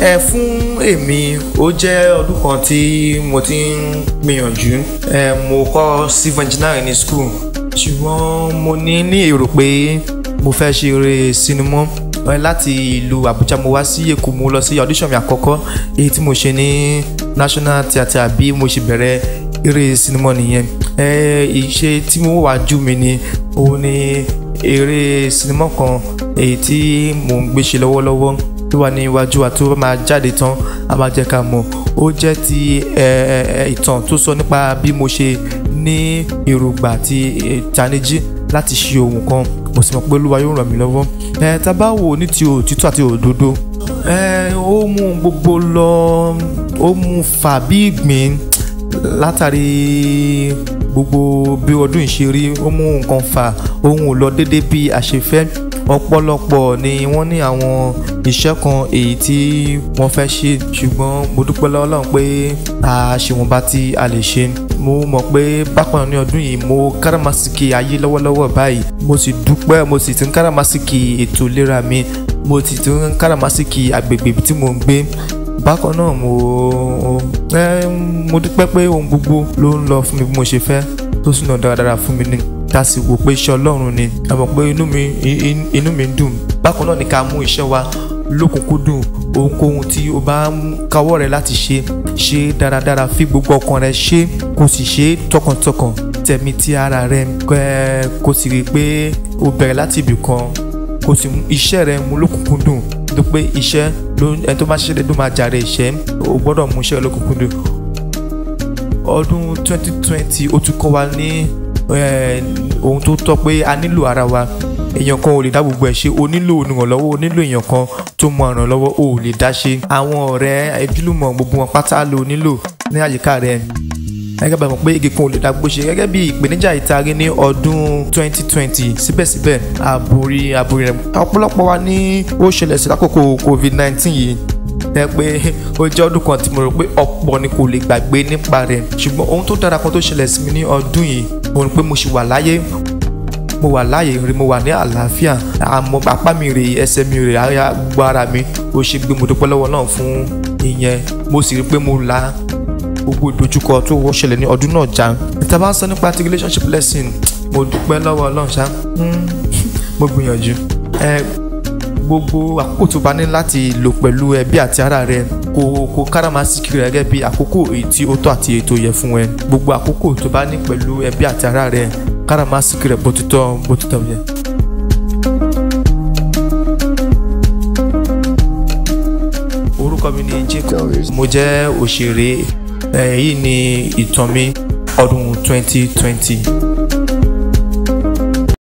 ẹ fún èmi ó jẹ́ ọdún kan tí mo ti ń gbìyànjú ẹ mo kọ́ civil engineering ní school ṣùgbọ́n mo ní ní èrò pé mo fẹ́ ṣe eré sinimá láti ìlú Àbújá mo wá sí Èkó mo lọ sí audition mi àkọ́kọ́ èyí tí mo ṣe ní National Theatre àbí mo ṣe bẹ̀rẹ̀ eré sinimá nìyẹn ìṣe tí mo wà jù mí ni òun ni eré sinimá kan èyí tí mò ń gbé ṣe lọ́wọ́lọ́wọ́ tó wà ní iwájú wa tó máa jáde tán a máa jẹ́ ká mọ̀ ó jẹ́ ti ìtàn tó sọ nípa bí mo ṣe ní èròǹgbà àti ìtanijí láti ṣe ohun kan mo sì mọ̀ pé olúwa yóò ràn mí lọ́wọ́ ẹ tá a bá wò ní ti òtítọ́ àti òdodo ẹ ó mú gbogbo lọ ó mú fà bí ìgbín látàrí gbogbo bí ọdún ìṣeré ó mú nǹkan fà ohun ò lọ déédéé bí a ṣe fẹ́ ọ̀pọ̀lọpọ̀ ni wọ́n ní àwọn iṣẹ́ kan èyí tí wọ́n fẹ́ ṣe ṣùgbọ́n mo dúpẹ́ lọ́wọ́ Ọlọ́run pé a ṣe wọn bá tí a lè ṣe mo mọ̀ pé bákan ní ọdún yìí mo káràmásìkì ayé lọ́wọ́lọ́wọ́ báyìí mo sì dúpẹ́ mo sì ti ń káràmásìkì ètò ìlera mi mo sì ti ń káràmásìkì agbègbè tí mo ń gbé bákan náà mo mo dúpẹ́ pé ohun gbogbo ló ń lọ fún mi bí mo ṣe fẹ́ tó sì náà dáradára fún mi ní ká sì wò pé iṣẹ́ ọlọ́run ni ká mọ̀ pé inú mi ń dùn bákan náà ni ká mú iṣẹ́ wa lókùnkúndùn ohunkóhun tí o bá ń kawọ́ rẹ̀ láti ṣe ṣe dáradára fi gbogbo ọkàn rẹ̀ ṣe kó sì ṣe tọkàntọkàn tẹ̀mí ti ara rẹ̀ kó sì rí pé o bẹ̀rẹ̀ láti ibì kan kó sì iṣẹ́ rẹ̀ mú lókùnkúndùn tó pé iṣẹ́ ẹni tó bá ṣiṣẹ́ dédé máa jàre iṣẹ́ o gbọ́dọ̀ mú iṣẹ́ lókùnkúndùn ọdún 2020 ó tún kọ́ wa ní Eh, ohun tó tọ́ pé a nílò ara wa èèyàn kan ò lè dá gbogbo ẹ̀ ṣe o nílò olùrànlọ́wọ́ o nílò èèyàn kan tó mọ ìrànlọ́wọ́ o ò lè dá ṣe àwọn ọ̀rẹ́ ẹbílùmọ̀ gbogbo wọn pátá lo nílò ní àyíká rẹ gẹ́gẹ́ bá mọ̀ pé igi kan ò lè dá gbogbo ṣe gẹ́gẹ́ bí ìpèníjà ìtari ní ọdún 2020 síbẹ̀síbẹ̀ àborí àborí rẹ̀ ọ̀pọ̀lọpọ̀ wa ní ó ṣẹlẹ̀ sí lákòókò COVID-19 yìí ẹ pé ó jẹ́ ọdún kan tí mo rò pé ọ̀pọ̀ ni kò lè gbàgbé nípa rẹ̀ ṣùgbọ́n ohun tó dára kan tó ṣẹlẹ̀ sí mi ní ọdún yìí òun pé mo ṣì wà láyé mo wà láàyè rí mo wà ní àlàáfíà àmọ́ apá mi rèé ẹsẹ̀ mi rèé àyà gbogbo ara mi ó ṣe gbé mo dúpẹ́ lọ́wọ́ náà fún ìyẹn mo sì rí pé mo la gbogbo ìdojúkọ tó wọ́ ṣẹlẹ̀ ní ọdún náà já tá bá ń sọ nípa ti relationship lesson mo dúpẹ́ lọ́wọ́ ọlọ́run ṣá hmm, mo gbìyànjú gbogbo àkókò tó bá ní láti lò pẹ̀lú ẹbí àti ara rẹ kò kò káràmásìkì rẹ gẹ́gẹ́ bí àkókò èyí tí ó tọ́ àti èyí tó yẹ fún ẹ gbogbo àkókò tó bá ní pẹ̀lú ẹbí àti ara rẹ káràmásìkì rẹ bó ti tọ́ bó ti tọ́ yẹ. orúkọ mi ni Jacob mo jẹ́ òṣèré èyí ni ìtàn mi ọdún twenty twenty.